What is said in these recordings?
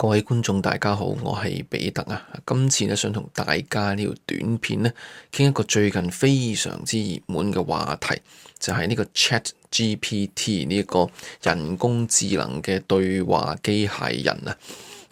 各位觀眾大家好，我係比特啊，今次咧想同大家呢條短片咧，傾一個最近非常之熱門嘅話題，就係、是、呢個 ChatGPT 呢個人工智能嘅對話機械人啊。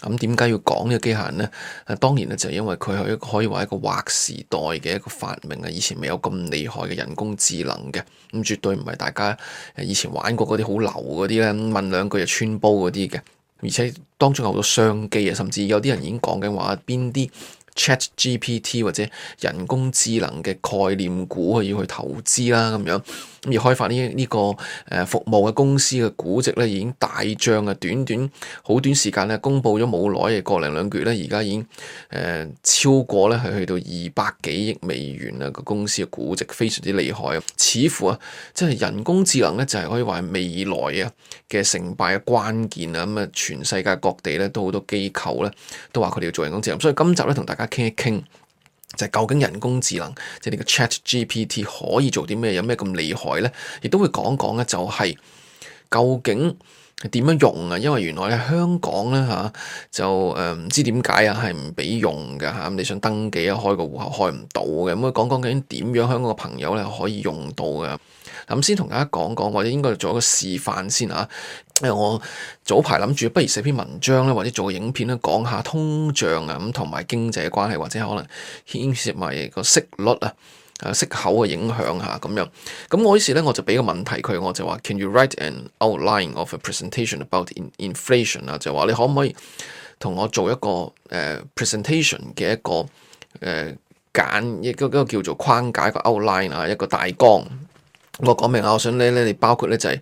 咁點解要講呢個機械人咧？啊，當然咧就係、是、因為佢係一個可以話一個劃時代嘅一個發明啊，以前未有咁厲害嘅人工智能嘅，咁、嗯、絕對唔係大家誒以前玩過嗰啲好流嗰啲咧，問兩句就穿煲嗰啲嘅，而且。當中有好多商機啊，甚至有啲人已經講緊話邊啲 ChatGPT 或者人工智能嘅概念股啊，要去投資啦咁樣。咁而開發呢呢個誒服務嘅公司嘅估值咧已經大漲啊！短短好短時間咧，呃，公布咗冇耐嘅個零兩月咧，而家已經誒超過咧係去到二百幾億美元啊，個公司嘅估值非常之厲害啊！似乎啊，即係人工智能咧就係、是、可以話係未來啊嘅成敗嘅關鍵啊！咁啊，全世界各地咧都好多機構咧都話佢哋要做人工智能，所以今集咧同大家。傾一傾，就係究竟人工智能，即係你個 ChatGPT 可以做啲咩？有咩咁厲害咧？亦都會講講咧，就係究竟。點樣用啊？因為原來咧，香港咧吓就誒唔知點解啊，係唔俾用嘅吓、啊。你想登記啊，開個戶口開唔到嘅。咁佢講講究竟點樣香港嘅朋友咧可以用到嘅？咁、啊、先同大家講講，或者應該做一個示範先吓。因、啊、為我早排諗住，不如寫篇文章咧，或者做個影片咧，講下通脹啊咁同埋經濟嘅關係，或者可能牽涉埋個息率啊。誒息口嘅影響吓咁樣，咁我於是咧我就俾個問題佢，我就話：Can you write an outline of a presentation about inflation？啊，就話你可唔可以同我做一個誒、uh, presentation 嘅一個誒簡、uh, 一個一個叫做框架一個 outline 啊，一個大綱。我講明啊，我想咧咧，你包括咧就係、是、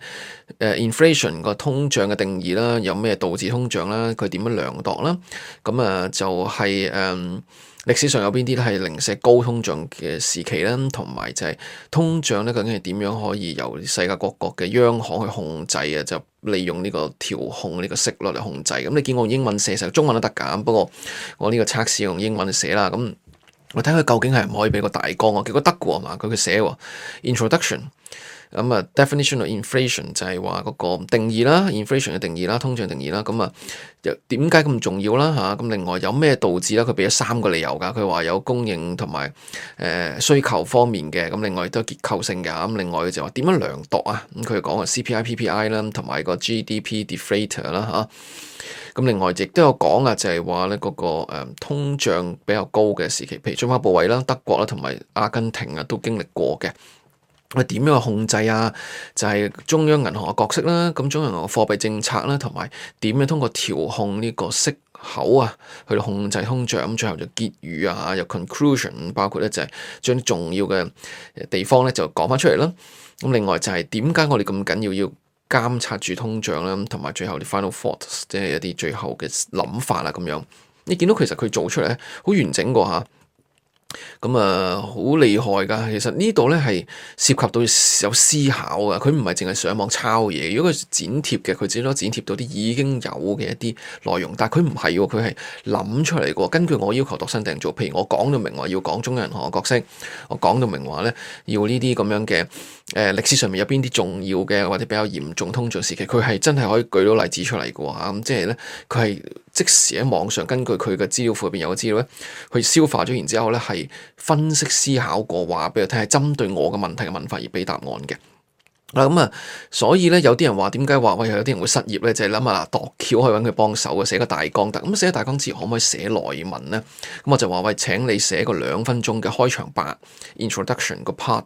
誒、uh, inflation 個通脹嘅定義啦，有咩導致通脹啦，佢點樣量度啦，咁啊就係、是、誒。Um, 歷史上有邊啲咧係零舍高通脹嘅時期咧，同埋就係通脹咧究竟係點樣可以由世界各地嘅央行去控制啊？就利用呢個調控呢個息率嚟控制咁。你見我用英文寫，其實中文都得㗎。不過我呢個測試用英文寫啦。咁我睇佢究竟係唔可以俾個大綱我結果得㗎嘛，佢嘅寫 introduction。Int 咁啊，definition of inflation 就係話嗰個定義啦，inflation 嘅定義啦，通脹定義啦。咁啊，又點解咁重要啦？吓，咁另外有咩導致咧？佢俾咗三個理由㗎。佢話有供應同埋誒需求方面嘅，咁另外亦都有結構性嘅。咁另外就話點樣量度 I, PI, ator，啊？咁佢講啊，CPI、PPI 啦，同埋個 GDP deflator 啦，吓，咁另外亦都有講啊，就係話咧嗰個誒通脹比較高嘅時期，譬如最花部位啦、德國啦同埋阿根廷啊都經歷過嘅。點樣控制啊？就係、是、中央銀行嘅角色啦，咁中央銀行嘅貨幣政策啦，同埋點樣通過調控呢個息口啊，去到控制通脹。咁最後就結語啊，有 conclusion，包括咧就係將重要嘅地方咧就講翻出嚟啦。咁另外就係點解我哋咁緊要要監察住通脹啦？同埋最後啲 final thoughts，即係一啲最後嘅諗法啦咁樣。你見到其實佢做出嚟好完整喎嚇。咁啊，好、嗯、厲害噶！其實呢度咧係涉及到有思考嘅，佢唔係淨係上網抄嘢。如果佢剪貼嘅，佢只可以剪貼到啲已經有嘅一啲內容，但係佢唔係喎，佢係諗出嚟嘅。根據我要求度身訂做，譬如我講到明話要講中央銀行嘅角色，我講到明話咧要呢啲咁樣嘅誒、呃、歷史上面有邊啲重要嘅或者比較嚴重通脹時期，佢係真係可以舉到例子出嚟嘅喎。咁即係咧，佢、就、係、係。即時喺網上根據佢嘅資料庫入邊有個資料咧，去消化咗，然之後咧係分析思考過，話俾佢聽係針對我嘅問題嘅問法而俾答案嘅。嗱咁啊，所以咧有啲人話點解話喂有啲人會失業咧，就係諗下，度竅度橋可以揾佢幫手嘅，寫個大綱得。咁、嗯、寫個大綱之可唔可以寫內文咧？咁、嗯、我就話喂，請你寫個兩分鐘嘅開場白 （introduction） 個 part。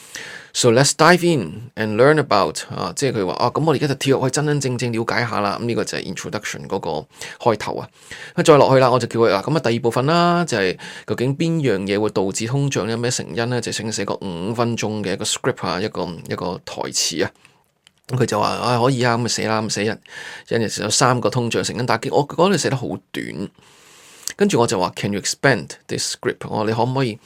So let's dive in and learn about 啊，即係佢話啊，咁我哋而家就跳入去真真正正了解下啦。咁、嗯、呢、這個就係 introduction 嗰個開頭啊。再落去啦，我就叫佢啊，咁啊第二部分啦、啊，就係、是、究竟邊樣嘢會導致通脹有咩成因咧？就請寫個五分鐘嘅一個 script 啊，一個一個台詞啊。佢、嗯、就話啊，可以啊，咁就寫啦，咁寫有陣時有三個通脹成因打擊。我覺得你寫得好短，跟住我就話，Can you expand this script？我話你可唔可以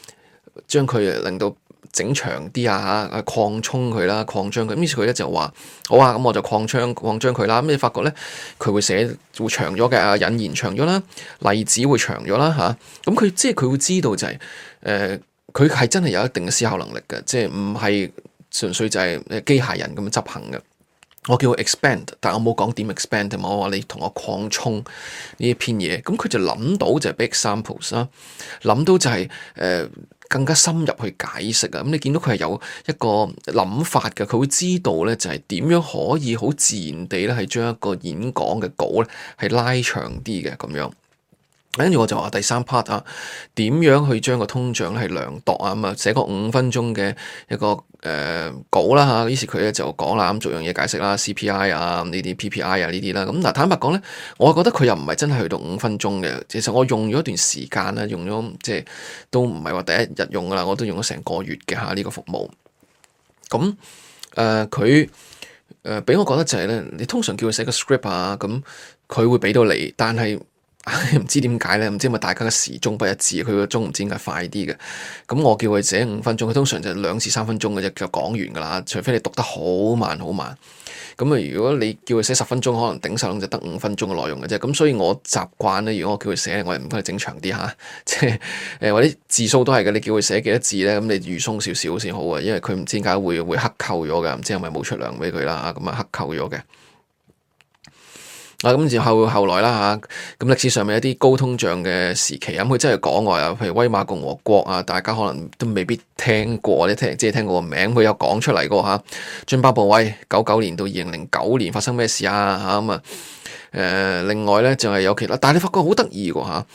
將佢令到？整長啲啊嚇，擴充佢啦，擴張佢。於是佢咧就話：好啊，咁我就擴張擴張佢啦。咁你發覺咧，佢會寫會長咗嘅啊，引言長咗啦，例子會長咗啦吓，咁、啊、佢、嗯、即係佢會知道就係、是、誒，佢、呃、係真係有一定嘅思考能力嘅，即係唔係純粹就係機械人咁樣執行嘅。我叫 expand，但我冇講點 expand，我話你同我擴充呢一篇嘢。咁、嗯、佢就諗到就係 big samples 啦，諗到就係、是、誒。呃更加深入去解釋啊！咁你見到佢係有一個諗法嘅，佢會知道咧就係點樣可以好自然地咧係將一個演講嘅稿咧係拉長啲嘅咁樣。跟住我就話第三 part 啊，點樣去將個通脹係量，量度啊咁啊，寫個五分鐘嘅一個誒、呃、稿啦嚇。於是佢咧就講啦，咁逐樣嘢解釋啦，CPI 啊呢啲 PPI 啊呢啲啦。咁嗱坦白講咧，我覺得佢又唔係真係去到五分鐘嘅。其實我用咗一段時間啦，用咗即係都唔係話第一日用噶啦，我都用咗成個月嘅嚇呢個服務。咁誒佢誒俾我覺得就係、是、咧，你通常叫佢寫個 script 啊咁，佢會俾到你，但係。唔 知點解咧？唔知咪大家嘅時鐘不一致，佢個鐘唔知點解快啲嘅。咁我叫佢寫五分鐘，佢通常就兩至三分鐘嘅就講完噶啦。除非你讀得好慢好慢。咁啊，如果你叫佢寫十分鐘，可能頂晒籠就得五分鐘嘅內容嘅啫。咁所以我習慣咧，如果我叫佢寫，我唔該佢整長啲吓，即係誒或者字數都係嘅。你叫佢寫幾多字咧？咁你預鬆少少先好啊，因為佢唔知點解會會克扣咗㗎，唔知係咪冇出糧俾佢啦？咁啊克扣咗嘅。咁就後後來啦嚇，咁、啊、歷史上面一啲高通脹嘅時期，咁、嗯、佢真係講外啊，譬如威馬共和國啊，大家可能都未必聽過，啲聽即係聽過個名，佢有講出嚟過嚇。津巴布韋，哎，九九年到二零零九年發生咩事啊？嚇咁啊，誒、嗯，另外咧就係、是、有其他、啊，但係你發覺好得意喎嚇，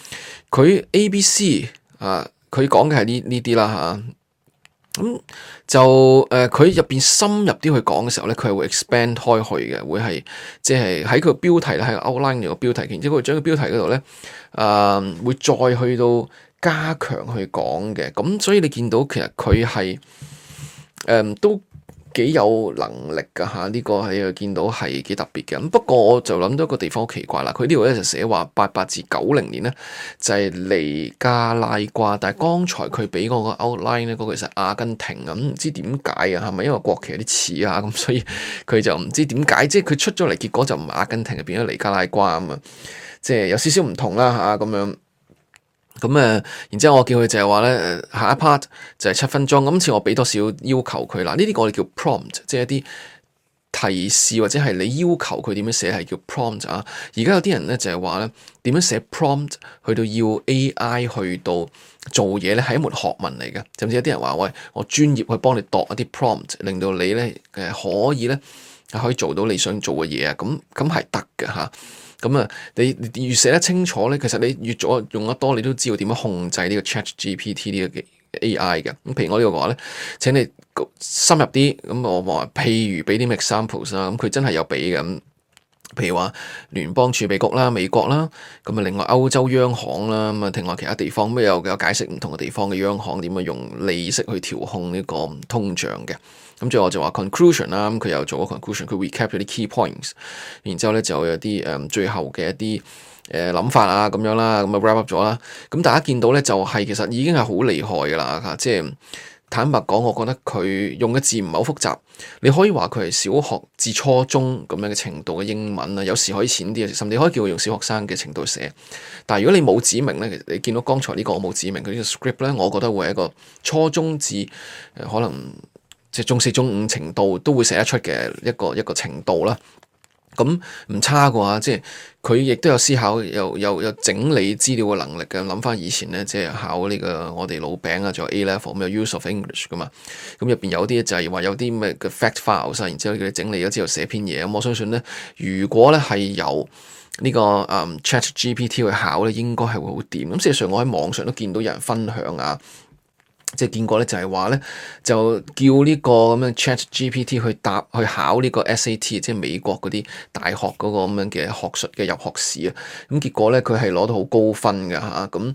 佢 A、B、C 啊，佢講嘅係呢呢啲啦嚇。咁、嗯、就誒佢入邊深入啲去講嘅時候咧，佢係會 expand 開去嘅，會係即係喺佢個標題，咧，喺 outline 個標題，然之後佢會將個標題嗰度咧，誒、呃、會再去到加強去講嘅。咁、嗯、所以你見到其實佢係誒都。幾有能力㗎嚇？呢個喺度見到係幾特別嘅。不過我就諗到一個地方好奇怪啦。佢呢度咧就寫話八八至九零年咧就係尼加拉瓜，但係剛才佢俾我個 outline 咧嗰個其實阿根廷咁，唔知點解啊？係咪因為國旗有啲似啊？咁所以佢就唔知點解，即係佢出咗嚟，結果就唔係阿根廷，就變咗尼加拉瓜啊嘛，即係有少少唔同啦嚇咁樣。咁啊、嗯，然之後我叫佢就係話咧，下一 part 就係七分鐘。今次我俾多少要求佢啦，呢啲我哋叫 prompt，即係一啲提示或者係你要求佢點樣寫係叫 prompt 啊。而家有啲人咧就係話咧，點樣寫 prompt 去到要 AI 去到做嘢咧，係一門學問嚟嘅。甚至有啲人話喂，我專業去幫你度一啲 prompt，令到你咧誒、呃、可以咧。可以做到你想做嘅嘢啊，咁咁係得㗎吓，咁啊，你，你越寫得清楚咧，其實你越咗用得多，你都知道點樣控制呢個 ChatGPT 呢個 AI 嘅。咁譬如我呢個話咧，請你深入啲，咁我話譬如俾啲 examples 啦，咁佢真係有俾嘅。譬如話聯邦儲備局啦、美國啦，咁啊另外歐洲央行啦，咁啊聽下其他地方都有有解釋唔同嘅地方嘅央行點樣用利息去調控呢個通脹嘅。咁最後就話 conclusion 啦，佢又做咗 conclusion，佢 recap 咗啲 key points，然之後咧就有啲誒最後嘅一啲誒諗法啊咁樣啦，咁啊 wrap up 咗啦。咁大家見到咧就係、是、其實已經係好厲害噶啦，即係。坦白講，我覺得佢用嘅字唔係好複雜，你可以話佢係小學至初中咁樣嘅程度嘅英文啦。有時可以淺啲，甚至可以叫佢用小學生嘅程度寫。但係如果你冇指明咧，其實你見到剛才呢個我冇指明佢呢個 script 咧，我覺得會係一個初中至誒可能即係中四中五程度都會寫得出嘅一個一個程度啦。咁唔、嗯、差嘅啩，即係佢亦都有思考，又有又整理資料嘅能力嘅。諗翻以前咧，即係考呢個我哋老餅啊，仲有 A level 咩 Use of English 噶嘛，咁入邊有啲就係、是、話有啲咩嘅 fact file 啊，然之後叫你整理咗之後寫篇嘢。咁我相信咧，如果咧係由呢個誒、嗯、ChatGPT 去考咧，應該係會好掂。咁事實上我喺網上都見到有人分享啊。即係見過咧，就係話咧，就叫呢個咁樣 ChatGPT 去答去考呢個 SAT，即係美國嗰啲大學嗰個咁樣嘅學術嘅入學試啊。咁結果咧，佢係攞到好高分㗎嚇。咁誒、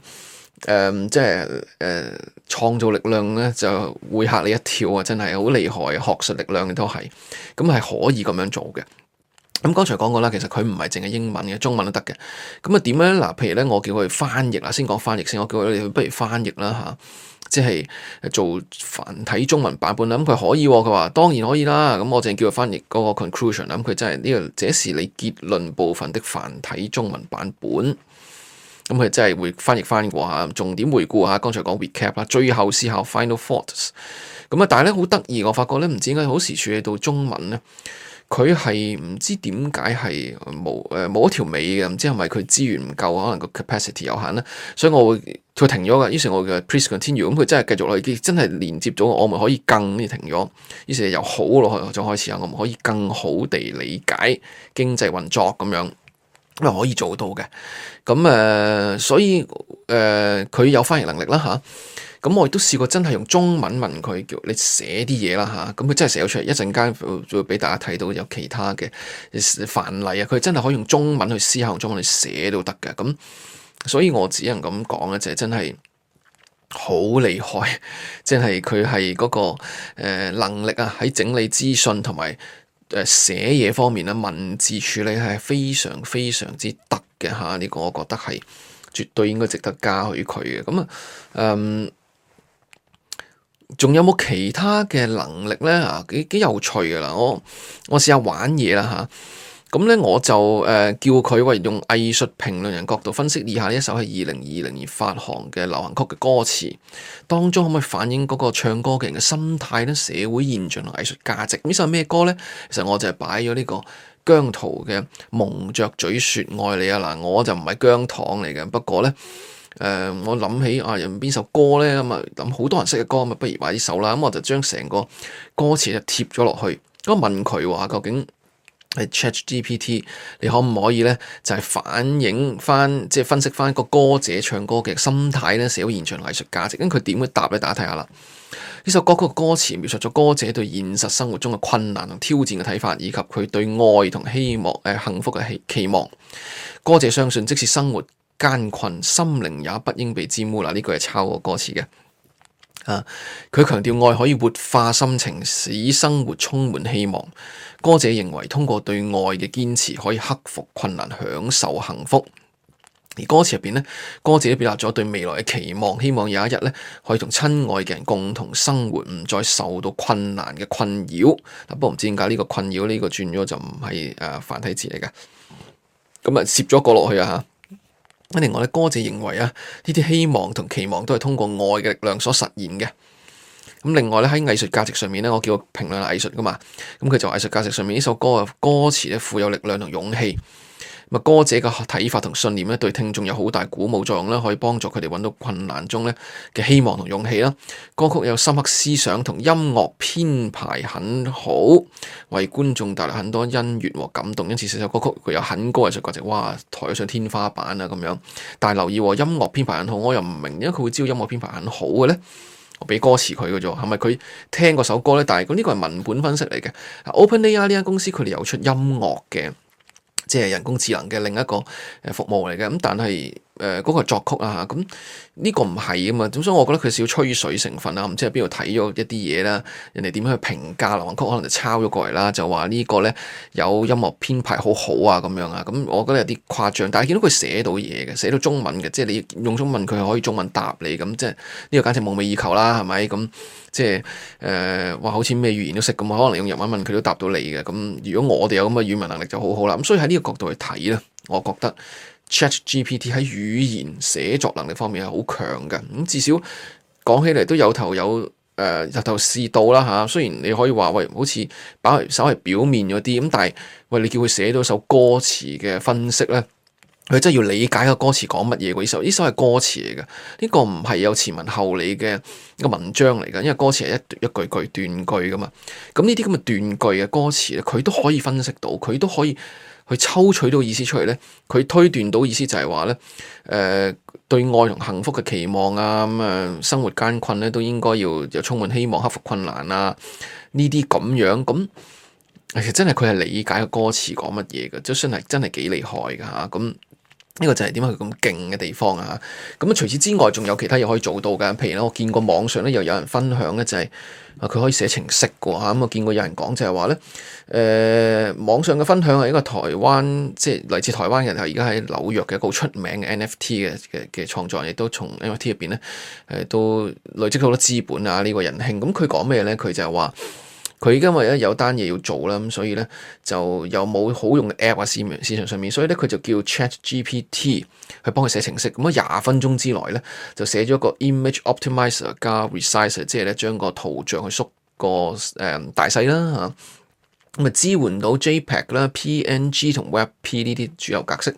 呃，即係誒、呃、創造力量咧，就會嚇你一跳啊！真係好厲害，學術力量都係咁係可以咁樣做嘅。咁剛才講過啦，其實佢唔係淨係英文嘅，中文都得嘅。咁啊點樣？嗱，譬如咧，我叫佢翻譯啦，先講翻譯先，我叫佢不如翻譯啦嚇。即係做繁體中文版本啦，咁佢可以喎、啊，佢話當然可以啦。咁我淨係叫佢翻譯嗰個 conclusion 啦，咁佢真係呢個，這是你結論部分的繁體中文版本。咁佢真係會翻譯翻過下，重點回顧下。剛才講 recap 啦，最後思考 final thoughts。咁啊，但係咧好得意，我發覺咧唔知點解好時處理到中文呢。佢係唔知點解係冇誒冇一條尾嘅，唔知係咪佢資源唔夠，可能個 capacity 有限咧，所以我會佢停咗㗎。於是，我嘅 Please continue 咁佢真係繼續落去，真係連接咗，我咪可以更唔停咗。於是又好咯，再開始啊，我咪可以更好地理解經濟運作咁樣，咁咪可以做到嘅。咁誒、呃，所以誒，佢、呃、有翻譯能力啦嚇。咁我亦都試過真係用中文，文問佢，叫你寫啲嘢啦吓，咁、啊、佢真係寫咗出嚟。一陣間就會俾大家睇到有其他嘅範例啊，佢真係可以用中文去思考、中文去寫都得嘅。咁所以我只能咁講咧，就係、是、真係好厲害，即係佢係嗰個誒、呃、能力啊，喺整理資訊同埋誒寫嘢方面啊，文字處理係非常非常之得嘅嚇。呢、啊呢個我覺得係絕對應該值得嘉許佢嘅。咁啊，嗯。仲有冇其他嘅能力呢？啊，幾幾有趣噶啦！我我試下玩嘢啦吓，咁呢，我就誒、呃、叫佢為用藝術評論人角度分析以下呢一首係二零二零年發行嘅流行曲嘅歌詞當中，可唔可以反映嗰個唱歌嘅人嘅心態呢？社會現象同藝術價值？呢首係咩歌呢？其實我就係擺咗呢個姜濤嘅《蒙着嘴說愛你》啊！嗱，我就唔係姜糖嚟嘅，不過呢。誒、呃，我諗起啊，邊首歌咧？咁啊，諗、嗯、好多人識嘅歌，咁啊，不如話呢首啦。咁、嗯、我就將成個歌詞就貼咗落去。咁我問佢話，究竟喺 ChatGPT，你可唔可以咧，就係、是、反映翻，即係分析翻個歌者唱歌嘅心態咧，社會現象、藝術價值。咁佢點會答咧？大家睇下啦。呢首歌曲嘅歌詞描述咗歌者對現實生活中嘅困難同挑戰嘅睇法，以及佢對愛同希望、誒、呃、幸福嘅期期望。歌者相信，即使生活艱困心靈也不應被沾污啦！呢句係抄過歌詞嘅，佢、啊、強調愛可以活化心情，使生活充滿希望。歌者認為，通過對愛嘅堅持，可以克服困難，享受幸福。而歌詞入邊呢，歌者表達咗對未來嘅期望，希望有一日呢，可以同親愛嘅人共同生活，唔再受到困難嘅困擾。不過唔知點解呢個困擾呢、呢個轉咗就唔係繁體字嚟嘅，咁啊，攝咗個落去啊吓。另外咧，歌者認為啊，呢啲希望同期望都係通過愛嘅力量所實現嘅。咁另外咧，喺藝術價值上面咧，我叫佢評量藝術㗎嘛。咁佢就話藝術價值上面呢首歌嘅歌詞咧，富有力量同勇氣。歌者嘅睇法同信念咧，對聽眾有好大鼓舞作用啦，可以幫助佢哋揾到困難中嘅希望同勇氣啦。歌曲有深刻思想同音樂編排很好，為觀眾帶來很多恩怨和感動。因此，這首歌曲佢有很高藝術價值，哇！抬上，上天花板啊咁樣。但係留意音樂編排很好，我又唔明，點解佢會知道音樂編排很好嘅咧？我俾歌詞佢嘅啫，係咪佢聽嗰首歌咧？但係咁呢個係文本分析嚟嘅。OpenAI 呢間公司佢哋有出音樂嘅。即係人工智能嘅另一個誒服務嚟嘅，咁但係。誒嗰、呃那個作曲啊，咁、這、呢個唔係啊嘛，咁、嗯、所以我覺得佢少吹水成分啊，唔知喺邊度睇咗一啲嘢啦，人哋點樣去評價流行曲，可能就抄咗過嚟啦，就話呢個咧有音樂編排好好啊咁樣啊，咁、嗯、我覺得有啲誇張，但係見到佢寫到嘢嘅，寫到中文嘅，即係你用中文佢可以中文答你咁、嗯，即係呢個簡直夢寐以求啦，係咪咁？即係誒哇好似咩語言都識咁，可能用日文問佢都答到你嘅，咁、嗯、如果我哋有咁嘅語文能力就好好啦，咁、嗯、所以喺呢個角度去睇咧，我覺得。Chat GPT 喺語言寫作能力方面係好強嘅，咁至少講起嚟都有頭有誒、呃、頭是道啦嚇。雖然你可以話喂，好似稍微表面咗啲咁，但係喂你叫佢寫到首歌詞嘅分析咧，佢真係要理解個歌詞講乜嘢。呢首呢首係歌詞嚟嘅，呢、呢個唔係有前文後理嘅一個文章嚟嘅，因為歌詞係一一句句斷句噶嘛。咁呢啲咁嘅斷句嘅歌詞佢都可以分析到，佢都可以。去抽取到意思出嚟咧，佢推斷到意思就係話咧，誒、呃、對愛同幸福嘅期望啊，咁啊生活艱困咧都應該要有充滿希望，克服困難啊，呢啲咁樣咁、嗯，其實真係佢係理解個歌詞講乜嘢嘅，就算係真係幾厲害㗎吓咁。嗯呢個就係點解佢咁勁嘅地方啊！咁除此之外仲有其他嘢可以做到㗎。譬如我見過網上又有人分享咧、就係，就係佢可以寫程式喎。咁、啊、我見過有人講就係話咧，誒、呃、網上嘅分享係一個台灣，即係來自台灣人，而家喺紐約嘅一個好出名嘅 NFT 嘅嘅嘅創作，亦都從 NFT 入邊咧誒都累積到好多資本啊！呢、呢個人興咁，佢講咩咧？佢就係話。佢因為咧有單嘢要做啦，咁所以咧就又冇好用嘅 app 啊，市面市場上面，所以咧佢就，就叫 ChatGPT 去幫佢寫程式。咁啊，廿分鐘之內咧就寫咗個 Image Optimizer 加 Resizer，即係咧將個圖像去縮個誒、呃、大細啦嚇。咁啊，支援到 JPEG 啦、PNG 同 WebP 呢啲主流格式，咁、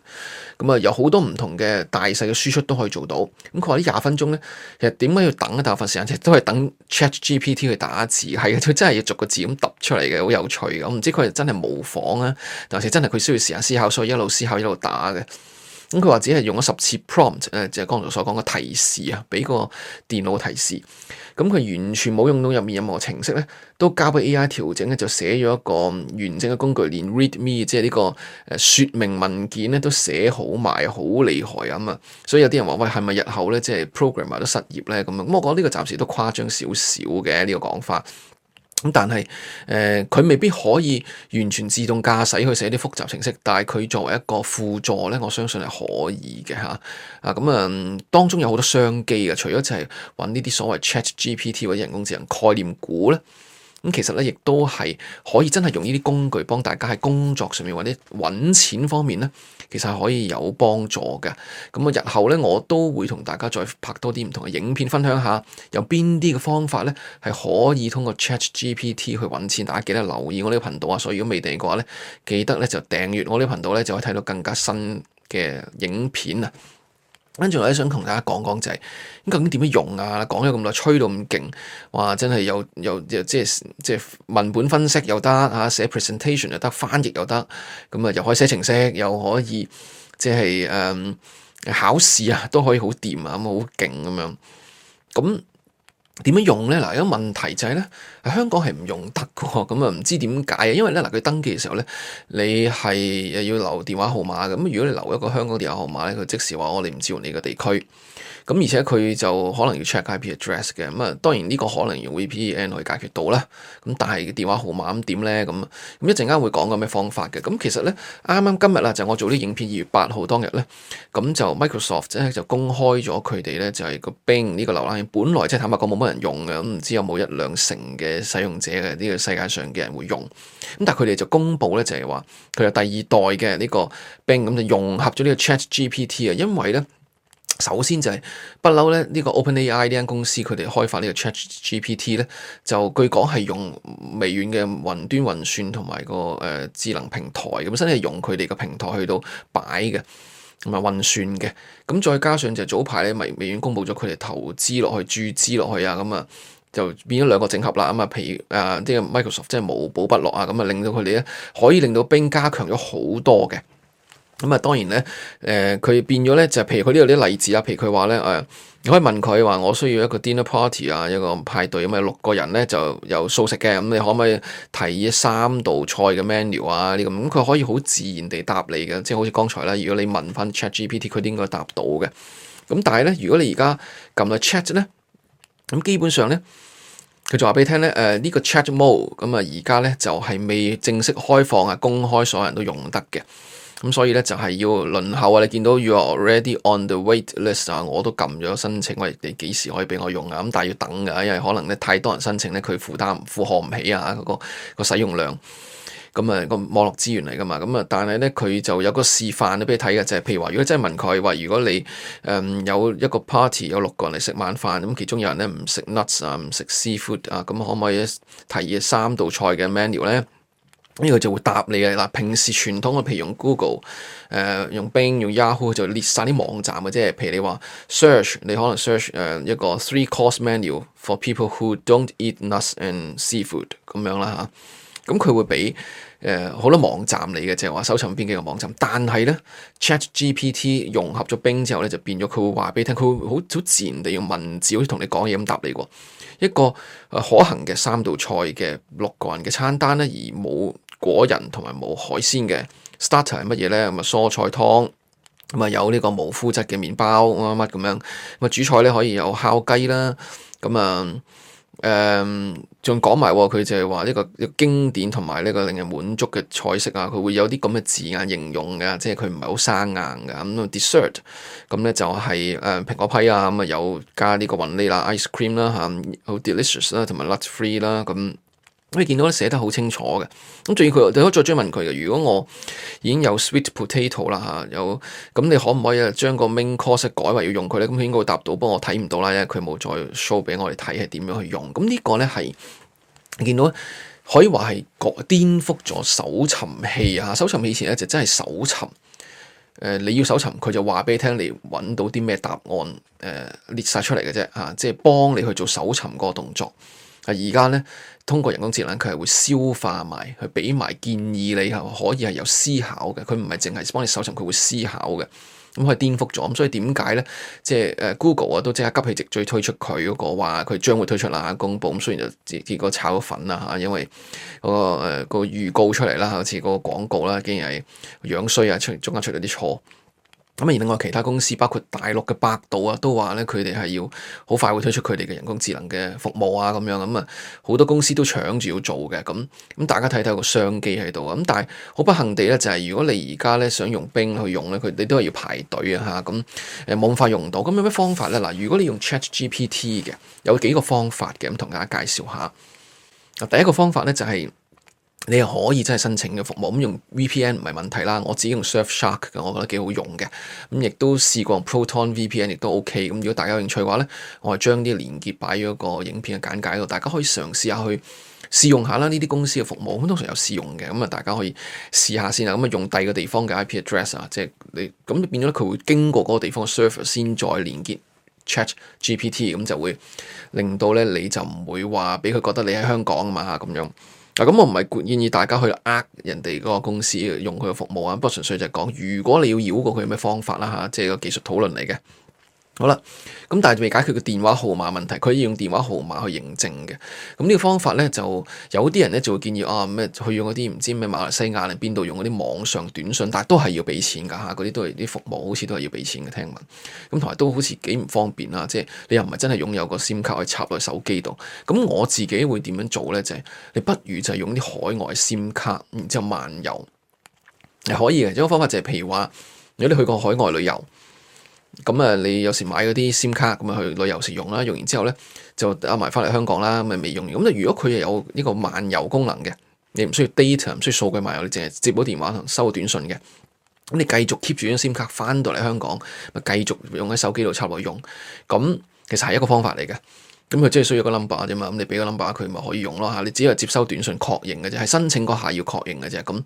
嗯、啊有好多唔同嘅大細嘅輸出都可以做到。咁佢話呢廿分鐘咧，其實點解要等一大部分時間其實都係等 ChatGPT 去打字，係佢真係要逐個字咁揼出嚟嘅，好有趣嘅。我、嗯、唔知佢係真係模仿啊，還是真係佢需要時間思考，所以一路思考一路打嘅。咁佢話只係用咗十次 prompt，誒，就係剛才所講嘅提示啊，俾個電腦提示。咁佢完全冇用到入面任何程式咧，都交俾 AI 調整咧，就寫咗一個完整嘅工具，連 read me 即係呢、這個誒、呃、說明文件咧都寫好埋，好厲害啊嘛！所以有啲人話喂，係咪日後咧即係 programmer 都失業咧咁啊？咁我覺得呢個暫時都誇張少少嘅呢個講法。咁但係，誒、呃，佢未必可以完全自動駕駛去寫啲複雜程式，但係佢作為一個輔助咧，我相信係可以嘅吓。啊，咁、嗯、啊，當中有好多商機嘅，除咗就係搵呢啲所謂 ChatGPT 或者人工智能概念股咧。咁其實咧，亦都係可以真係用呢啲工具幫大家喺工作上面或者揾錢方面咧，其實係可以有幫助嘅。咁啊，日後咧，我都會同大家再拍多啲唔同嘅影片，分享下有邊啲嘅方法咧，係可以通過 ChatGPT 去揾錢。大家記得留意我呢個頻道啊！所以如果未訂嘅話咧，記得咧就訂閱我呢個頻道咧，就可以睇到更加新嘅影片啊！跟住我想同大家講講就係咁究竟點樣用啊？講咗咁耐，吹到咁勁，哇！真係又又又即係即係文本分析又得嚇，寫 presentation 又得，翻譯又得，咁啊又可以寫程式，又可以即係誒、嗯、考試啊都可以好掂啊，咁好勁咁樣咁。點樣用咧？嗱，有問題就係咧，香港係唔用得嘅喎，咁啊唔知點解啊？因為咧嗱，佢登記嘅時候咧，你係又要留電話號碼嘅，咁如果你留一個香港電話號碼咧，佢即時話我哋唔支援你嘅地區。咁而且佢就可能要 check IP address 嘅，咁啊當然呢個可能用 VPN 可以解決到啦。咁但係電話號碼咁點咧？咁咁一陣間會講個咩方法嘅。咁其實咧啱啱今日啦，就我做啲影片二月八號當日咧，咁就 Microsoft 真係就公開咗佢哋咧，就係個 Bing 呢個瀏覽器，本來即係坦白講冇乜人用嘅，咁唔知有冇一兩成嘅使用者嘅呢個世界上嘅人會用。咁但係佢哋就公佈咧就係話佢有第二代嘅呢個 Bing，咁就融合咗呢個 Chat GPT 啊，因為咧。首先就係不嬲咧，呢個 OpenAI 呢間公司佢哋開發呢個 ChatGPT 咧，就據講係用微軟嘅雲端運算同埋個誒智能平台，本身係用佢哋嘅平台去到擺嘅，同埋運算嘅。咁再加上就早排咧，微微軟公布咗佢哋投資落去、注資落去啊，咁啊就變咗兩個整合啦。咁啊，譬如誒啲、啊、Microsoft 即係冇保不落啊，咁啊令到佢哋咧可以令到 Bing 加強咗好多嘅。咁啊，當然咧，誒、呃、佢變咗咧，就係譬如佢呢度啲例子啊，譬如佢話咧，誒，你、呃、可以問佢話，我需要一個 dinner party 啊，一個派對，咁啊，六個人咧就有素食嘅，咁、嗯、你可唔可以提三道菜嘅 menu 啊？呢個咁佢可以好自然地答你嘅，即係好似剛才啦。如果你問翻 ChatGPT，佢應該答到嘅。咁但係咧，如果你而家撳落 chat 咧，咁基本上咧，佢就話俾你聽咧，誒、呃、呢、這個 chat mode 咁啊，而家咧就係、是、未正式開放啊，公開所有人都用得嘅。咁所以咧就係、是、要輪候啊！你見到 You're already on the wait list 啊，我都撳咗申請，我哋幾時可以俾我用啊？咁但係要等㗎，因為可能咧太多人申請咧，佢負擔負荷唔起啊！嗰、那個個使用量，咁啊個網絡資源嚟㗎嘛，咁啊但係咧佢就有個示範俾你睇嘅，就係譬如話，如果真係問佢話，如果你誒、嗯、有一個 party 有六個人嚟食晚飯，咁其中有人咧唔食 nuts 啊，唔食 seafood 啊，咁可唔可以提議三道菜嘅 menu 咧？呢個就會答你嘅嗱，平時傳統嘅，譬如用 Google，誒、呃、用 Bing 用 Yahoo 就列晒啲網站嘅，即係譬如你話 search，你可能 search 誒、呃、一個 three-course menu for people who don't eat nuts and seafood 咁樣啦嚇，咁、啊、佢會俾誒好多網站你嘅，就係話搜尋邊幾個網站。但係咧 ChatGPT 融合咗 Bing 之後咧，就變咗佢會話俾你聽，佢會好好自然地用文字好似同你講嘢咁答你喎。一個、呃、可行嘅三道菜嘅六個人嘅餐單咧，而冇果仁同埋冇海鮮嘅 starter 係乜嘢咧？咁啊蔬菜湯，咁啊有呢個冇麩質嘅麵包乜乜咁樣。咁啊主菜咧可以有烤雞啦。咁啊誒仲講埋佢就係話呢個經典同埋呢個令人滿足嘅菜式啊。佢會有啲咁嘅字眼形容嘅，即係佢唔係好生硬㗎。咁啊 dessert 咁咧就係誒蘋果批啊。咁啊有加呢個雲呢拿 ice cream 啦嚇，好 delicious 啦，同埋 lunch free 啦咁。咁你見到咧寫得好清楚嘅，咁仲要佢，你可以再追問佢嘅。如果我已經有 sweet potato 啦嚇，有咁你可唔可以啊將個 main course 改為要用佢咧？咁佢應該會答到，不過我睇唔到啦，因為佢冇再 show 俾我哋睇係點樣去用。咁呢個咧係你見到咧可以話係個顛覆咗搜尋器嚇。搜尋器以前咧就真係搜尋，誒、呃、你要搜尋佢就話俾你聽，你揾到啲咩答案誒、呃、列晒出嚟嘅啫嚇，即係幫你去做搜尋個動作。係而家咧。通過人工智能，佢係會消化埋，去俾埋建議你，係可以係有思考嘅。佢唔係淨係幫你搜尋，佢會思考嘅。咁佢係顛覆咗，咁所以點解咧？即係誒 Google 啊，都即刻急起直追推出佢嗰個話，佢將會推出啦，公佈。咁雖然就結結果炒粉啦嚇，因為嗰個誒個預告出嚟啦，好似嗰個廣告啦，竟然係樣衰啊，出中間出咗啲錯。咁而另外其他公司，包括大陸嘅百度啊，都話咧佢哋係要好快會推出佢哋嘅人工智能嘅服務啊，咁樣咁啊，好多公司都搶住要做嘅。咁咁大家睇睇有個商機喺度啊！咁但係好不幸地咧，就係如果你而家咧想用冰去用咧，佢哋都係要排隊啊！嚇咁誒冇咁快用到。咁有咩方法咧？嗱，如果你用 ChatGPT 嘅，有幾個方法嘅，咁同大家介紹下。啊，第一個方法咧就係、是。你又可以真係申請嘅服務，咁用 VPN 唔係問題啦。我自己用 Surfshark 嘅，我覺得幾好用嘅。咁亦都試過用 Proton VPN，亦都 OK。咁如果大家有興趣嘅話咧，我將啲連結擺咗個影片嘅簡介度，大家可以嘗試下去試用下啦。呢啲公司嘅服務，咁通常有試用嘅，咁啊大家可以試下先啦。咁啊用第二個地方嘅 IP address 啊，即係你咁變咗佢會經過嗰個地方嘅 server 先再連結 ChatGPT，咁就會令到咧你就唔會話俾佢覺得你喺香港啊嘛，咁樣。嗱，咁、嗯、我唔係建議大家去呃人哋嗰個公司用佢嘅服務啊，不過純粹就係講，如果你要繞過佢，有咩方法啦嚇、啊？即係個技術討論嚟嘅。好啦，咁但係未解決個電話號碼問題，佢要用電話號碼去認證嘅。咁呢個方法咧，就有啲人咧就會建議啊咩，去用嗰啲唔知咩馬來西亞啊邊度用嗰啲網上短信，但係都係要俾錢噶嚇，嗰啲都係啲服務好，好似都係要俾錢嘅聽聞。咁同埋都好似幾唔方便啦，即係你又唔係真係擁有個 SIM 卡去插落手機度。咁我自己會點樣做咧？就係、是、你不如就係用啲海外 SIM 卡，然之後漫遊係可以嘅。有、那個個方法就係、是、譬如話，如果你去過海外旅遊。咁啊，你有時買嗰啲 SIM 卡咁啊去旅遊時用啦，用完之後咧就押埋翻嚟香港啦，咪未用完。咁就如果佢又有呢個漫遊功能嘅，你唔需要 data，唔需要數據漫遊，你淨係接到電話同收個短信嘅。咁你繼續 keep 住張 SIM 卡翻到嚟香港，咪繼續用喺手機度插落去用。咁其實係一個方法嚟嘅。咁佢即係需要個 number 啫嘛。咁你俾個 number 佢咪可以用咯嚇。你只要接收短信確認嘅啫，係申請嗰下要確認嘅啫。咁。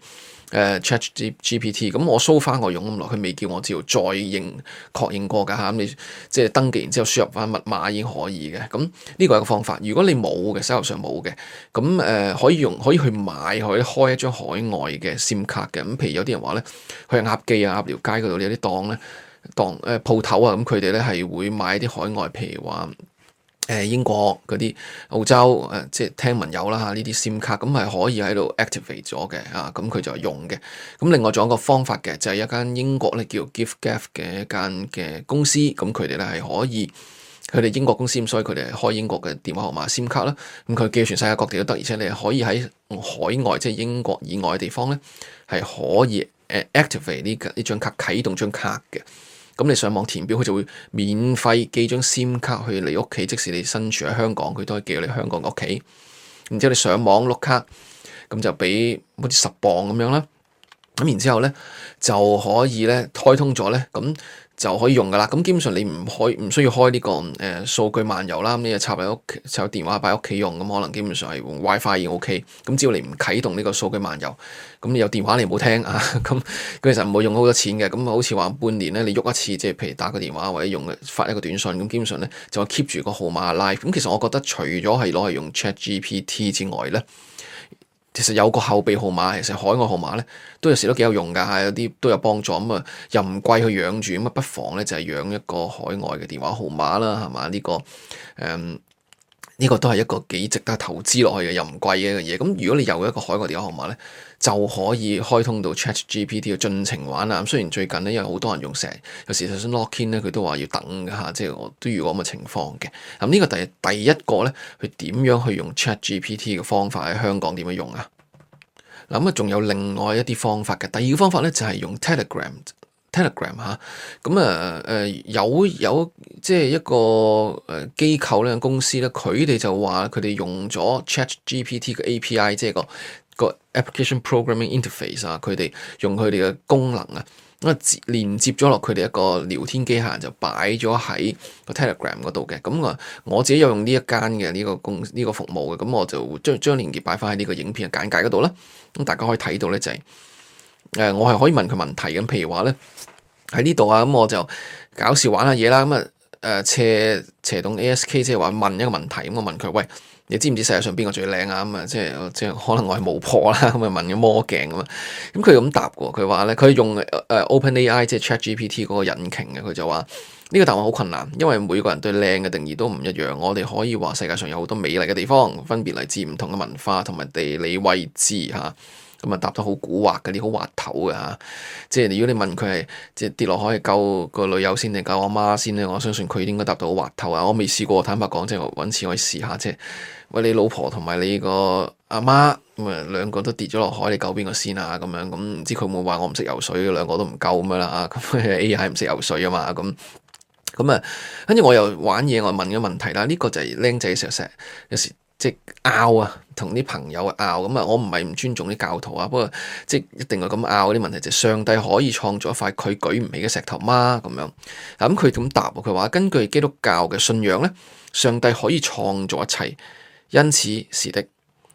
誒、uh, Chat G, GPT 咁我搜翻個用咁耐，佢未叫我照再認確認過㗎嚇。咁、嗯、你即係登記完之後輸入翻密碼已經可以嘅。咁呢個係一個方法。如果你冇嘅，手頭上冇嘅，咁、嗯、誒、呃、可以用可以去買可以開一張海外嘅 SIM 卡嘅。咁、嗯、譬如有啲人話咧，佢係鴨記啊、鴨寮街嗰度你有啲檔咧，檔誒、呃、鋪頭啊，咁佢哋咧係會買啲海外，譬如話。誒，英國嗰啲澳洲誒，即係聽聞有啦嚇，呢啲 SIM 卡咁係可以喺度 activate 咗嘅嚇，咁、啊、佢就用嘅。咁另外仲有一個方法嘅，就係、是、一間英國咧叫 giffgaff 嘅一間嘅公司，咁佢哋咧係可以，佢哋英國公司，所以佢哋係開英國嘅電話號碼 SIM 卡啦。咁佢寄全世界各地都得，而且你係可以喺海外即係英國以外嘅地方咧，係可以誒 activate 呢呢張卡啟動張卡嘅。咁你上網填表，佢就會免費寄張 SIM 卡去你屋企，即使你身處喺香港，佢都可以寄到你香港嘅屋企。然之後你上網碌卡，咁就俾好似十磅咁樣啦。咁然之後咧，就可以咧開通咗咧。咁就可以用噶啦，咁基本上你唔開唔需要開呢、呢個誒、呃、數據漫遊啦，你就插喺屋企插電話擺屋企用，咁可能基本上係用 WiFi 已經 OK，咁只要你唔啟動呢個數據漫遊，咁你有電話你唔好聽啊，咁咁其實唔會用好多錢嘅，咁好似話半年咧你喐一次，即係譬如打個電話或者用發一個短信，咁基本上咧就 keep 住個號碼 live，咁其實我覺得除咗係攞嚟用 ChatGPT 之外咧。其實有個後備號碼，其實海外號碼咧都有時都幾有用㗎，係有啲都有幫助。咁啊，又唔貴，去養住咁啊，不妨咧就係養一個海外嘅電話號碼啦，係嘛？呢個誒。嗯呢個都係一個幾值得投資落去嘅，又唔貴嘅嘢。咁如果你有一個海外電話號碼咧，就可以開通到 Chat GPT 嘅盡情玩啊。雖然最近咧有好多人用成，有時就算 Log In 咧，佢都話要等㗎吓，即係我都遇過咁嘅情況嘅。咁、這、呢個第第一個咧，佢點樣去用 Chat GPT 嘅方法喺香港點樣用啊？嗱咁啊，仲有另外一啲方法嘅。第二個方法咧就係用 Telegram。Telegram 吓，咁啊誒有有即係一個誒機構咧公司咧，佢哋就話佢哋用咗 ChatGPT 嘅 API，即係個個 Application Programming Interface 啊，佢哋用佢哋嘅功能啊，咁啊連接咗落佢哋一個聊天機械人，就擺咗喺個 Telegram 嗰度嘅。咁啊，我自己有用呢一間嘅呢個公呢、呢個服務嘅，咁我就將將連結擺翻喺呢個影片嘅簡介嗰度啦。咁大家可以睇到咧就係、是。誒，我係可以問佢問題嘅，咁譬如話咧喺呢度啊，咁我就搞笑玩下嘢啦，咁啊誒斜斜棟 ASK 即係話問一個問題，咁我問佢，喂，你知唔知世界上邊個最靚啊？咁啊，即係即係可能我係巫婆啦，咁 啊問咗魔鏡咁啊，咁佢咁答嘅，佢話咧佢用 OpenAI 即係 ChatGPT 嗰個引擎嘅，佢就話呢、這個答案好困難，因為每個人對靚嘅定義都唔一樣，我哋可以話世界上有好多美麗嘅地方，分別嚟自唔同嘅文化同埋地理位置吓。咁啊答得好古惑嗰啲，好滑頭嘅，即係如果你問佢係即係跌落海，係救個女友先定救阿媽先咧，我相信佢應該搭到好滑頭啊！我未試過，坦白講，即係搵次可以試下啫。喂，你老婆同埋你個阿媽咁啊，兩個都跌咗落海，你救邊個先啊？咁樣咁唔知佢會唔會話我唔識游水，兩個都唔救咁樣啦，咁 A I 唔識游水啊嘛，咁咁啊，跟住我又玩嘢，我問咗問題啦。呢、這個就係僆仔石石，有時。即係拗啊，同啲朋友拗咁啊，我唔係唔尊重啲教徒啊，不過即係一定係咁拗嗰啲問題就係上帝可以創造一塊佢舉唔起嘅石頭嗎？咁樣嗱，咁佢點答？佢話根據基督教嘅信仰咧，上帝可以創造一切，因此是的，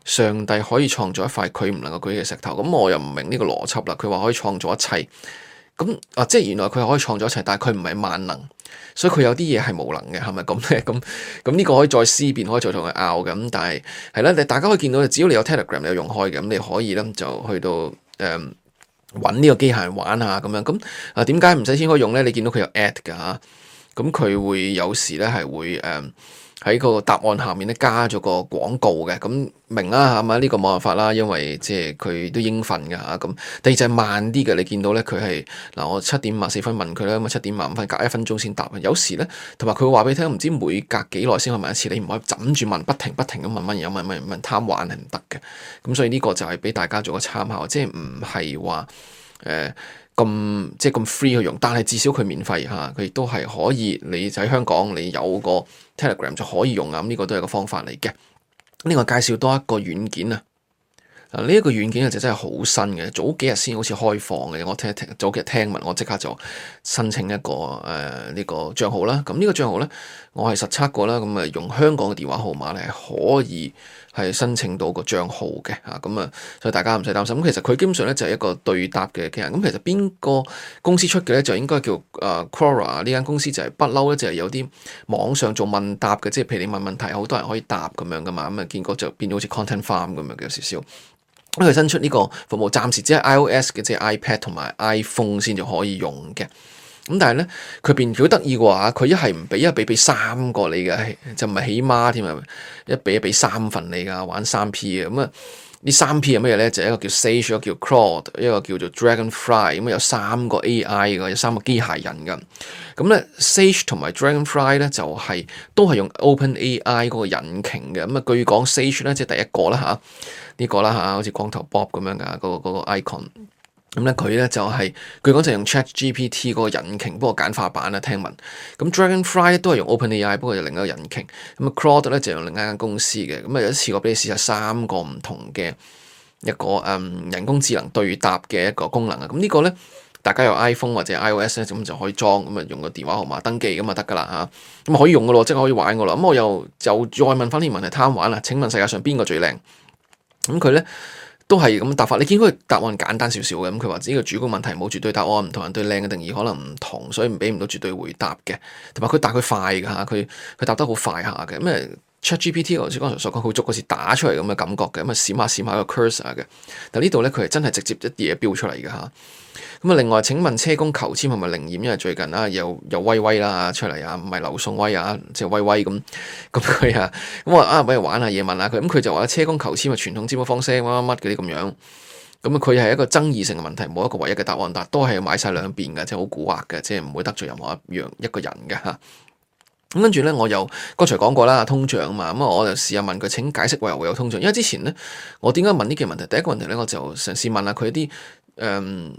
上帝可以創造一塊佢唔能夠舉起嘅石頭。咁我又唔明呢個邏輯啦。佢話可以創造一切。咁啊，即係原來佢可以創咗一齊，但係佢唔係萬能，所以佢有啲嘢係無能嘅，係咪咁咧？咁咁呢個可以再思辨，可以再同佢拗嘅。咁但係係啦，你大家可以見到，只要你有 Telegram，你有用開嘅，咁你可以咧就去到誒，揾、嗯、呢個機械人玩下咁樣。咁啊，點解唔使錢，可以用咧？你見到佢有 at 噶吓，咁、啊、佢會有時咧係會誒。嗯喺個答案下面咧加咗個廣告嘅，咁明啦係嘛？呢、這個冇辦法啦，因為即係佢都應份嘅嚇咁。第二就係慢啲嘅，你見到咧佢係嗱我七點五十四分問佢啦，咁啊七點五十五分隔一分鐘先答。有時咧同埋佢會話俾你聽，唔知每隔幾耐先可以問一次，你唔可以枕住問，不停不停咁問問又問問問，貪玩係唔得嘅。咁、嗯、所以呢個就係俾大家做個參考，即係唔係話誒咁即係咁 free 去用，但係至少佢免費嚇，佢亦都係可以你喺香港你有個。Telegram 就可以用啊，咁呢個都係個方法嚟嘅。另外介紹多一個軟件啊，嗱呢一個軟件咧就真係好新嘅，早幾日先好似開放嘅。我聽一聽，早幾日聽聞，我即刻就申請一個誒呢個帳號啦。咁呢個帳號咧。我係實測過啦，咁啊用香港嘅電話號碼咧，係可以係申請到個帳號嘅，啊咁啊，所以大家唔使擔心。咁其實佢基本上咧就係一個對答嘅機械人，咁其實邊個公司出嘅咧就應該叫啊 Quora 呢間公司，就係不嬲咧就係有啲網上做問答嘅，即係譬如你問問題，好多人可以答咁樣噶嘛，咁啊見過就變咗好似 Content Farm 咁樣嘅有少少。佢新出呢個服務，暫時只係 iOS 嘅，即係 iPad 同埋 iPhone 先就可以用嘅。咁但係咧，佢邊幾得意嘅話，佢一係唔俾，一係俾俾三個你嘅，就唔係起孖添啊！一俾一俾三份你㗎，玩三 P 啊！咁、嗯、啊，呢三 P 係咩咧？就一個叫 Sage，一個叫 Claude，一個叫做 Dragonfly、嗯。咁啊，有三個 AI 嘅，有三個機械人嘅。咁、嗯、咧，Sage 同埋 Dragonfly 咧，就係、是、都係用 OpenAI 嗰個引擎嘅。咁、嗯、啊，據講 Sage 咧，即係第一個啦嚇，呢、啊這個啦嚇，好、啊、似光頭 Bob 咁樣嘅嗰、那個嗰、那個 icon。咁咧佢咧就係，據講就係用 ChatGPT 嗰個引擎，不過簡化版啦。聽聞咁 Dragonfly 都係用 OpenAI，不過就另一個引擎。咁啊 Claude 咧就用另一間公司嘅。咁啊有一次我俾你試下三個唔同嘅一個嗯人工智能對答嘅一個功能啊。咁呢個咧大家有 iPhone 或者 iOS 咧，咁就可以裝，咁啊用個電話號碼登記咁啊得㗎啦嚇。咁可以用㗎咯，即係可以玩㗎啦。咁我又就再問翻呢個問題，貪玩啊？請問世界上邊個最靚？咁佢咧。都係咁答法，你見佢答案簡單少少嘅，咁佢話自己個主觀問題冇絕對答案，唔同人對靚嘅定義可能唔同，所以唔俾唔到絕對回答嘅。同埋佢答佢快嘅嚇，佢佢答得好快下嘅。咁啊 ChatGPT 好似剛才所講好足嗰時打出嚟咁嘅感覺嘅，咁啊閃下閃下個 cursor 嘅。但呢度咧佢係真係直接一啲嘢標出嚟嘅嚇。咁啊！另外，請問車公求簽係咪靈驗？因為最近啦，有又威威啦出嚟啊，唔係劉宋威啊，即係威威咁咁佢啊咁啊，啊搵嚟玩下嘢問下佢，咁佢就話車公求簽咪傳統占卜方式乜乜嘅啲咁樣。咁佢係一個爭議性嘅問題，冇一個唯一嘅答案，但都係買晒兩邊嘅，即係好蠱惑嘅，即係唔會得罪任何一樣一個人嘅。咁跟住咧，我又剛才講過啦，通脹啊嘛，咁我就試下問佢，請解釋為何會有通脹？因為之前咧，我點解問呢啲問題？第一個問題咧，我就嘗試問下佢啲誒。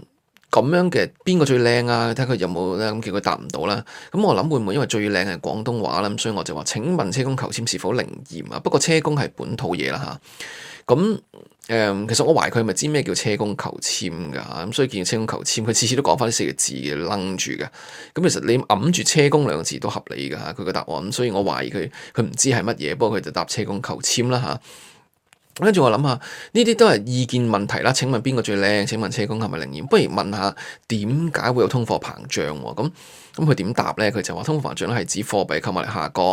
咁樣嘅邊個最靚啊？睇下佢有冇咧，咁叫佢答唔到啦。咁我諗會唔會因為最靚係廣東話啦，咁所以我就話：請問車公求籤是否靈驗啊？不過車公係本土嘢啦吓，咁誒、嗯，其實我懷疑佢咪知咩叫車公求籤㗎嚇。咁所以見車公求籤，佢次次都講翻呢四個字嘅楞住嘅。咁其實你揞住車公兩個字都合理㗎嚇。佢個答案。咁所以我懷疑佢佢唔知係乜嘢，不過佢就答車公求籤啦嚇。啊。跟住我諗下，呢啲都係意見問題啦。請問邊個最靚？請問車公係咪靈驗？不如問下點解會有通貨膨脹喎？咁咁佢點答咧？佢就話通貨膨脹咧係指貨幣購買力下降，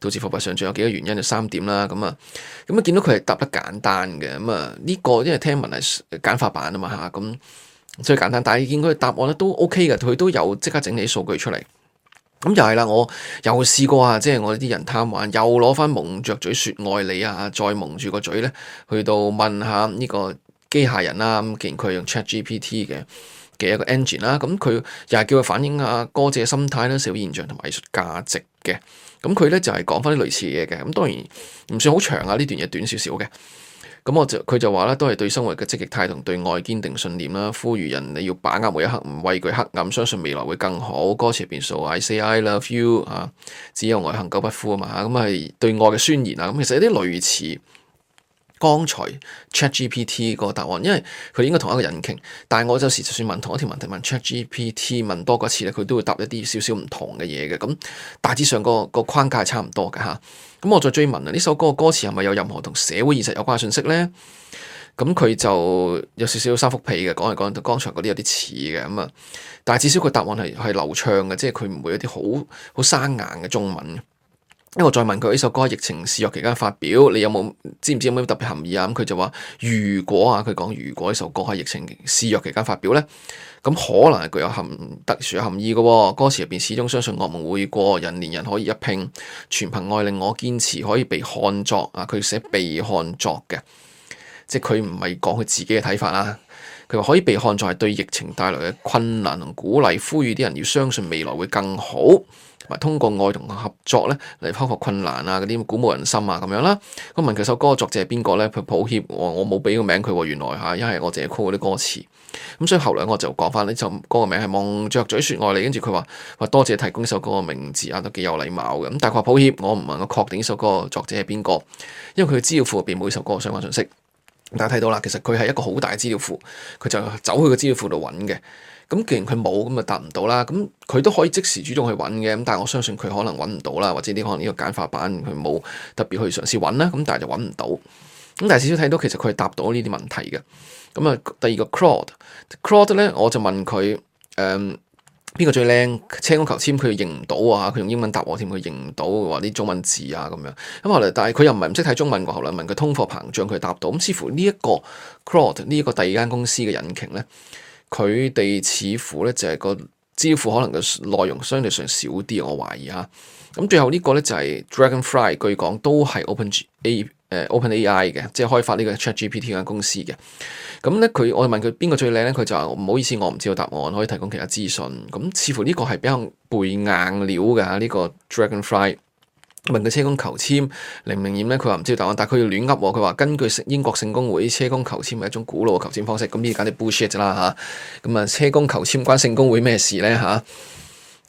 導致貨幣上漲，有幾個原因就三點啦。咁啊，咁啊見到佢係答得簡單嘅。咁啊呢個因為聽聞係簡化版啊嘛嚇。咁最簡單，但係見佢答案咧都 OK 嘅，佢都有即刻整理數據出嚟。咁又係啦，我又試過啊，即係我啲人貪玩，又攞翻蒙着嘴説愛你啊，再蒙住個嘴咧，去到問下呢個機械人啦。咁既然佢係用 ChatGPT 嘅嘅一個 engine 啦，咁佢又係叫佢反映下歌者心態啦、社會現象同埋藝術價值嘅。咁佢咧就係講翻啲類似嘢嘅。咁當然唔算好長啊，呢段嘢短少少嘅。咁我就佢就話咧，都係對生活嘅積極態度，對愛堅定信念啦。呼籲人你要把握每一刻，唔畏懼黑暗，相信未來會更好。歌詞入邊數 I say I love you 啊，只有愛恆久不枯啊嘛，咁係對愛嘅宣言啊。咁其實有啲類似。剛才 ChatGPT 個答案，因為佢應該同一個人傾，但係我就時就算問同一條問題問 ChatGPT 問多過一次咧，佢都會答一啲少少唔同嘅嘢嘅，咁大致上個個框架係差唔多嘅嚇。咁我再追問啊，呢首歌嘅歌詞係咪有任何同社會現實有關嘅信息咧？咁佢就有少少三幅皮嘅，講嚟講去同剛才嗰啲有啲似嘅咁啊，但係至少佢答案係係流暢嘅，即係佢唔會有一啲好好生硬嘅中文，因為我再問佢呢首歌喺疫情肆虐期間發表，你有冇知唔知有冇特別含義啊？咁佢就話：如果啊，佢講如果呢首歌喺疫情肆虐期間發表呢，咁可能係具有含特殊含義嘅、哦。歌詞入邊始終相信我們會過人年，人可以一拼，全憑愛令我堅持可以被看作啊，佢寫被看作嘅，即係佢唔係講佢自己嘅睇法啦。佢話可以被看作係對疫情帶來嘅困難同鼓勵，呼籲啲人要相信未來會更好。通過愛同合作咧嚟克服困難啊，嗰啲鼓舞人心啊咁樣啦。咁問佢首歌嘅作者係邊個咧？佢抱歉我冇俾個名佢。原來吓一係我淨係 copy 啲歌詞。咁所以後來我就講翻呢首歌嘅名係《望着嘴說愛你》。跟住佢話：多謝提供呢首歌嘅名字啊，都幾有禮貌嘅。咁但係佢抱歉，我唔能夠確定呢首歌作者係邊個，因為佢嘅資料庫入邊冇呢首歌嘅相關信息。但大家睇到啦，其實佢係一個好大資料庫，佢就走去個資料庫度揾嘅。咁既然佢冇，咁咪答唔到啦。咁佢都可以即時主動去揾嘅，咁但係我相信佢可能揾唔到啦，或者啲可能呢個簡化版佢冇特別去嘗試揾啦。咁但係就揾唔到。咁但係至少睇到其實佢係答到呢啲問題嘅。咁啊，第二個 Claude，Claude 咧我就問佢誒邊個最靚車屋球籤，佢認唔到啊！佢用英文答我添，佢認唔到話啲中文字啊咁樣。咁後來但係佢又唔係唔識睇中文喎。後來問佢通貨膨脹，佢答到。咁似乎呢一個 Claude 呢一個第二間公司嘅引擎咧。佢哋似乎咧就係個支付可能嘅內容相對上少啲，我懷疑哈。咁最後呢個咧就係 Dragonfly，據講都係 Open、G、A 誒 Open AI 嘅，即係開發呢個 Chat GPT 間公司嘅。咁咧佢我問佢邊個最靚咧，佢就話唔好意思，我唔知道答案，可以提供其他資訊。咁似乎呢個係比較背硬料噶呢、呢個 Dragonfly。問佢車工求簽靈唔靈驗咧？佢話唔知道答案，但係佢要亂噏喎。佢話根據英英國聖公會車工求簽係一種古老嘅求簽方式，咁呢啲簡直 bullshit 啦、啊、吓。咁啊，車工求簽關聖公會咩事咧吓？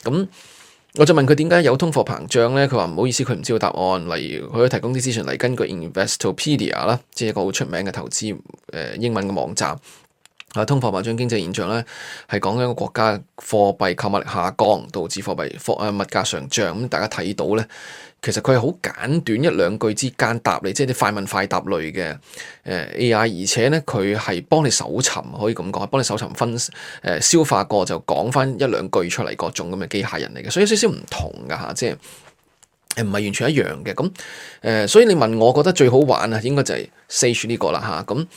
咁、啊、我再問佢點解有通貨膨脹咧？佢話唔好意思，佢唔知道答案。例如，佢可以提供啲資訊嚟，根據 Investopedia r、啊、啦，即係一個好出名嘅投資誒、呃、英文嘅網站。啊，通貨膨脹經濟現象咧，係講緊一個國家貨幣購物力下降，導致貨幣貨誒物價上漲。咁大家睇到咧，其實佢係好簡短一兩句之間答你，即係啲快問快答類嘅誒 A I。AI，而且咧，佢係幫你搜尋，可以咁講，幫你搜尋分誒消化過就講翻一兩句出嚟，各種咁嘅機械人嚟嘅，所以有少少唔同噶吓，即係誒唔係完全一樣嘅。咁誒，所以你問我覺得最好玩啊、這個，應該就係 Sage 呢個啦吓咁。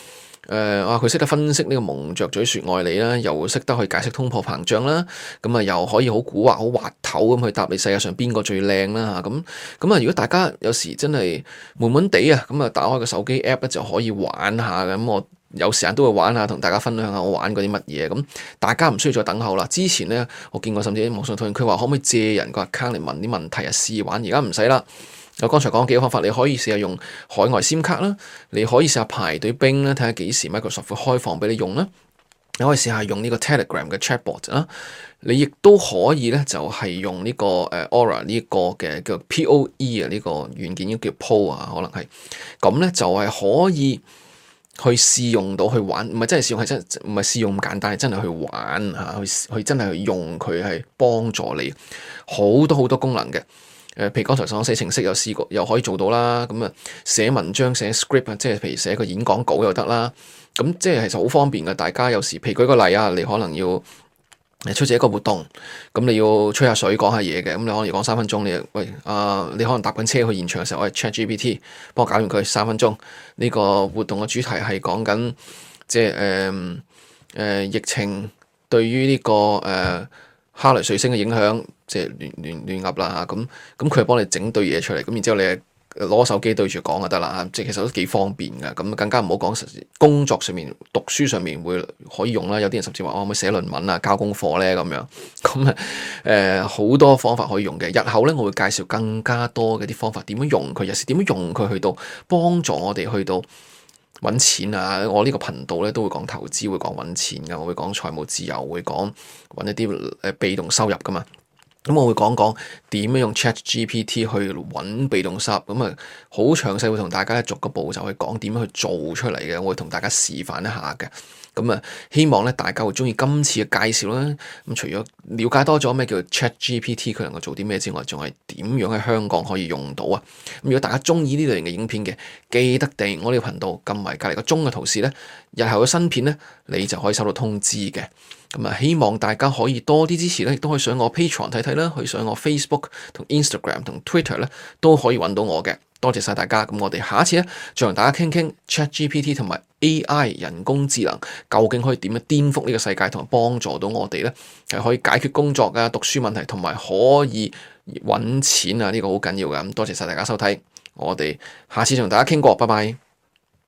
誒啊！佢識、呃、得分析呢個蒙着嘴説愛你啦，又識得去解釋通貨膨脹啦，咁啊又可以好古惑、好滑頭咁去答你世界上邊個最靚啦嚇！咁咁啊，如果大家有時真係悶悶地啊，咁啊打開個手機 app 就可以玩下嘅。咁我有時間都會玩下，同大家分享下我玩過啲乜嘢。咁大家唔需要再等候啦。之前咧我見過，甚至喺網上討論區話可唔可以借人個 account 嚟問啲問題啊試玩，而家唔使啦。我剛才講咗幾個方法，你可以試下用海外 SIM 卡啦，你可以試下排隊兵啦，睇下幾時 Microsoft 會開放俾你用啦，你可以試下用呢個 Telegram 嘅 Chatbot 啦，你亦都可以咧就係用呢個誒 Quora 呢個嘅叫 POE 啊呢個軟件叫叫 PO 啊可能係咁咧就係、是、可以去試用到去玩，唔係真係試用係真唔係試用咁簡單，係真係去玩吓，去去真係去用佢係幫助你好多好多功能嘅。誒，譬如剛才所講寫程式又試過，又可以做到啦。咁啊，寫文章寫 script 啊，即係譬如寫個演講稿又得啦。咁即係其實好方便㗎。大家有時譬如舉個例啊，你可能要出席一個活動，咁你要吹水講下水講下嘢嘅，咁你可能要講三分鐘。你喂啊、呃，你可能搭緊車去現場嘅時候，我係 ChatGPT 幫我搞掂佢三分鐘。呢、這個活動嘅主題係講緊即係誒誒疫情對於呢、這個誒、呃、哈雷彗星嘅影響。即係亂亂亂噏啦嚇，咁咁佢又幫你整對嘢出嚟，咁然之後你攞手機對住講就得啦，即係其實都幾方便㗎，咁、啊、更加唔好講工作上面、讀書上面會可以用啦、啊，有啲人甚至話我可唔可以寫論文啊、交功課咧咁樣，咁啊好多方法可以用嘅。日後咧，我會介紹更加多嘅啲方法點樣用佢，又係點樣用佢去到幫助我哋去到揾錢啊！我呢個頻道咧都會講投資，會講揾錢㗎，我會講財務自由，會講揾一啲、呃、被動收入㗎嘛。咁我會講講點樣用 ChatGPT 去揾被動蝨，咁啊好詳細會同大家逐個步驟去講點樣去做出嚟嘅，我會同大家示範一下嘅。咁啊，希望咧大家會中意今次嘅介紹啦。咁除咗了，了解多咗咩叫做 ChatGPT，佢能夠做啲咩之外，仲係點樣喺香港可以用到啊？咁如果大家中意呢類型嘅影片嘅，記得訂我呢個頻道，撳埋隔離個鐘嘅圖示咧，日後嘅新片咧，你就可以收到通知嘅。咁啊，希望大家可以多啲支持咧，亦都可以上我 Patreon 睇睇啦，可以上我 Facebook 同 Instagram 同 Twitter 咧，都可以揾到我嘅。多謝晒大家，咁我哋下一次咧再同大家傾傾 ChatGPT 同埋 AI 人工智能究竟可以點樣顛覆呢個世界，同埋幫助到我哋咧係可以解決工作啊、讀書問題，同埋可以揾錢啊，呢個好緊要㗎。咁多謝晒大家收睇，我哋下次同大家傾過，拜拜。